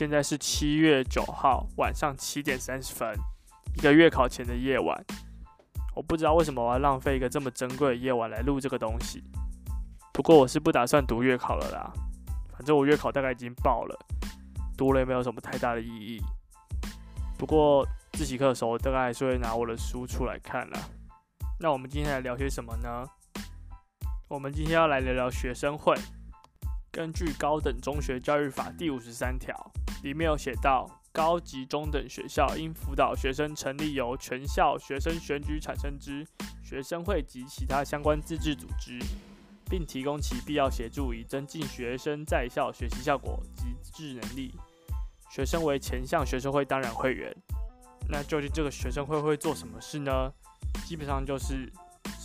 現在是七月九號晚上七點三十分，一個月考前的夜晚。我不知道為什麼我要浪費一個這麼珍貴的夜晚來錄這個東西。不過我是不打算讀月考了啦，反正我月考大概已經爆了，讀了也沒有什麼太大的意義。不過自習課的時候，我大概還是會拿我的書出來看啦。那我們今天來聊些什麼呢？我們今天要來聊聊學生會。根據《高等中學教育法》第五十三條，裡面有寫到，高級中等學校應輔導學生成立由全校學生選舉產生之學生會及其他相關自治組織，並提供其必要協助，以增進學生在校學習效果及自治能力。學生為前項學生會當然會員。那究竟這個學生會會做什麼事呢？基本上就是。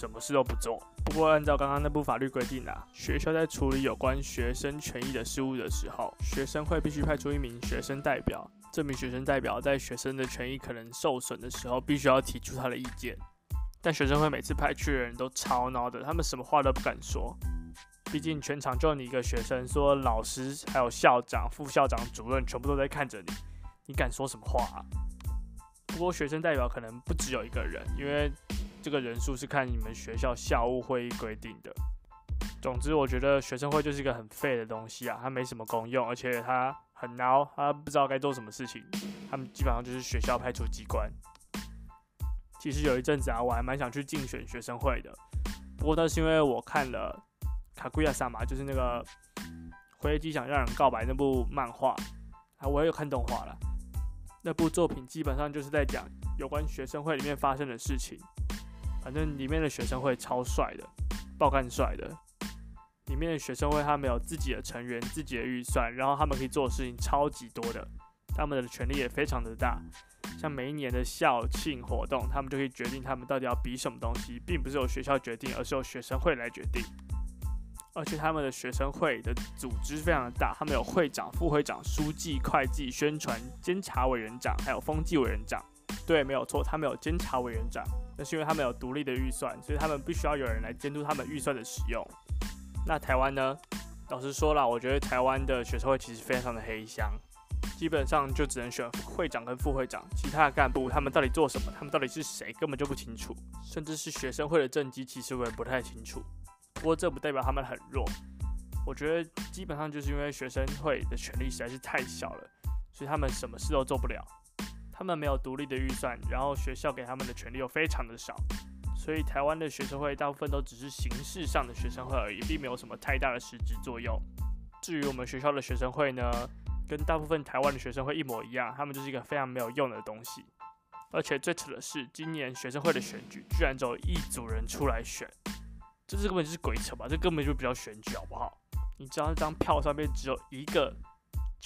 什麼事都不做。不過，按照剛剛那部法律規定啊，學校在處理有關學生權益的事務的時候，學生會必須派出一名學生代表。這名學生代表在學生的權益可能受損的時候，必須要提出他的意見。但學生會每次派去的人都超孬的，他們什麼話都不敢說。畢竟全場就你一個學生，所有老師還有校長、副校長、主任全部都在看着你，你敢說什麼話啊？不過學生代表可能不只有一個人，因為。這個人數是看你們學校校務會議規定的。總之，我覺得學生會就是一個很廢的東西啊，它沒什麼功用，而且它很孬，它不知道該做什麼事情。他們基本上就是學校派出機關。其實有一陣子啊，我還蠻想去競選學生會的。不過那是因為我看了《卡庫亞薩瑪》，就是那個《輝夜姬想讓人告白》那部漫畫，啊，我也看動畫了。那部作品基本上就是在講有關學生會裡面發生的事情。反正裡面的學生會超帥的，爆肝帥的。裡面的學生會他們有自己的成員、自己的預算，然後他們可以做的事情超級多的，他們的權力也非常的大。像每一年的校慶活動，他們就可以決定他們到底要比什麼東西，並不是由學校決定，而是由學生會來決定。而且他們的學生會的組織非常的大，他們有會長、副會長、書記、會計、宣傳、監察委員長，還有風紀委員長。對，沒有錯，他們有監察委員長，那是因為他們有獨立的預算，所以他們不需要有人來監督他們預算的使用。那台灣呢？老實說啦，我覺得台灣的學生會其實非常的黑箱，基本上就只能選會長跟副會長，其他的幹部他們到底做什麼，他們到底是誰，根本就不清楚，甚至是學生會的政績，其實我也不太清楚。不過這不代表他們很弱，我覺得基本上就是因為學生會的權力實在是太小了，所以他們什麼事都做不了。他們沒有獨立的預算，然後學校給他們的權利又非常的少，所以台灣的學生會大部分都只是形式上的學生會而已，並沒有什麼太大的實質作用。至於我們學校的學生會呢，跟大部分台灣的學生會一模一樣，他們就是一個非常沒有用的東西。而且最扯的是，今年學生會的選舉居然只有一組人出來選，這是根本就是鬼扯吧？這根本就不叫選舉好不好？你知道那張票上面只有一個。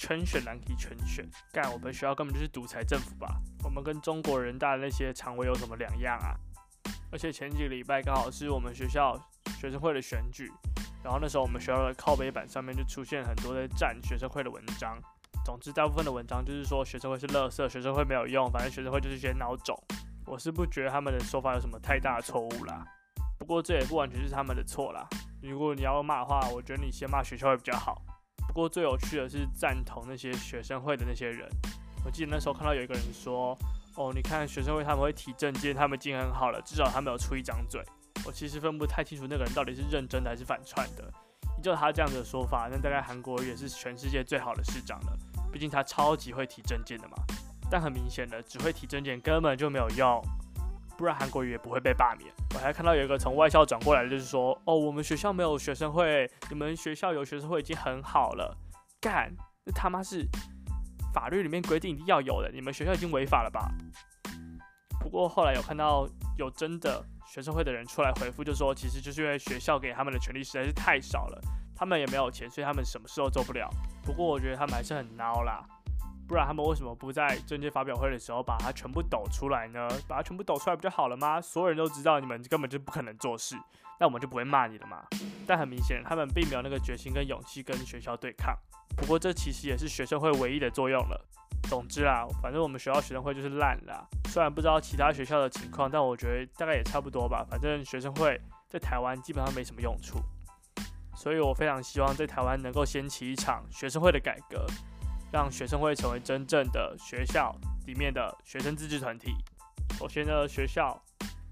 全選，全選？難題以全選？幹，我們學校根本就是獨裁政府吧？我們跟中國人大的那些常委有什麼兩樣啊？而且前幾個禮拜剛好是我們學校學生會的選舉，然後那時候我們學校的靠北版上面就出現很多在戰學生會的文章。總之，大部分的文章就是說學生會是垃圾，學生會沒有用，反正學生會就是些孬種。我是不覺得他們的說法有什麼太大的錯誤啦。不過這也不完全是他們的錯啦。如果你要罵的話，我覺得你先罵學校會比較好。不過最有趣的是贊同那些學生會的那些人，我記得那時候看到有一個人說，哦，你看學生會他們會提政見，他們已經很好了，至少他們有出一張嘴。我其實分不太清楚那個人到底是認真的還是反串的。依照他這樣子的說法，那大概韓國瑜也是全世界最好的市長了，畢竟他超級會提政見的嘛。但很明顯的，只會提政見根本就沒有用。不然韓國瑜也不會被罷免。我還看到有一個從外校轉過來的，就是說，哦，我們學校沒有學生會，你們學校有學生會已經很好了。幹，這他媽是法律裡面規定一定要有的，你們學校已經違法了吧？不過後來有看到有真的學生會的人出來回復，就說其實就是因為學校給他們的權利實在是太少了，他們也沒有錢，所以他們什麼事都做不了。不過我覺得他們還是很孬啦。不然他們為什麼不在政見發表會的時候把它全部抖出來呢？把它全部抖出來不就好了嗎？所有人都知道你們根本就不可能做事，那我們就不會罵你了嘛。但很明顯，他們並沒有那個決心跟勇氣跟學校對抗。不過這其實也是學生會唯一的作用了。總之啊，反正我們學校學生會就是爛了。雖然不知道其他學校的情況，但我覺得大概也差不多吧。反正學生會在台灣基本上沒什麼用處，所以我非常希望在台灣能夠掀起一場學生會的改革。讓學生會成為真正的學校裡面的學生自治團體。首先呢，學校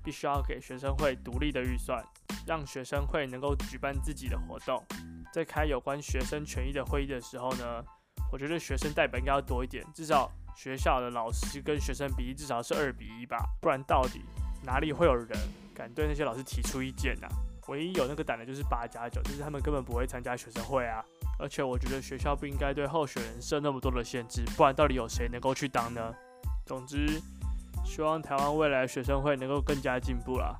必須要給學生會獨立的預算，讓學生會能夠舉辦自己的活動。在開有關學生權益的會議的時候呢，我覺得學生代表應該要多一點，至少學校的老師跟學生比例至少是二比一吧。不然到底哪裡會有人敢對那些老師提出意見呢啊？唯一有那個膽的就是八加九，就是他們根本不會參加學生會啊。而且我覺得學校不應該對候選人設那麼多的限制，不然到底有誰能夠去當呢？總之，希望台灣未來學生會能夠更加進步啦。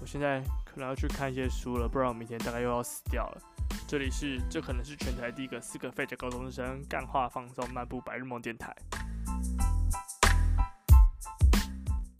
我現在可能要去看一些書了，不然我明天大概又要死掉了。這裡是，這可能是全台第一個四個廢柴高中生幹話放鬆漫步白日夢電台。